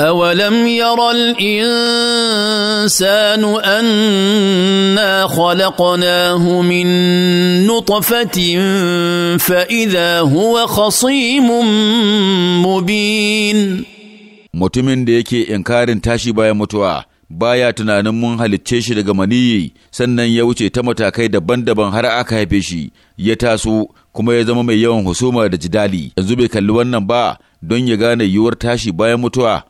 أولم ير الإنسان أنا خلقناه من نطفة فإذا هو خصيم مبين mutumin da yake inkarin tashi bayan mutuwa baya tunanin mun halicce shi daga maniyi sannan ya wuce ta matakai daban-daban har aka haife shi ya taso kuma ya zama mai yawan husuma da jidali yanzu bai kalli wannan ba don ya gane yiwuwar tashi bayan mutuwa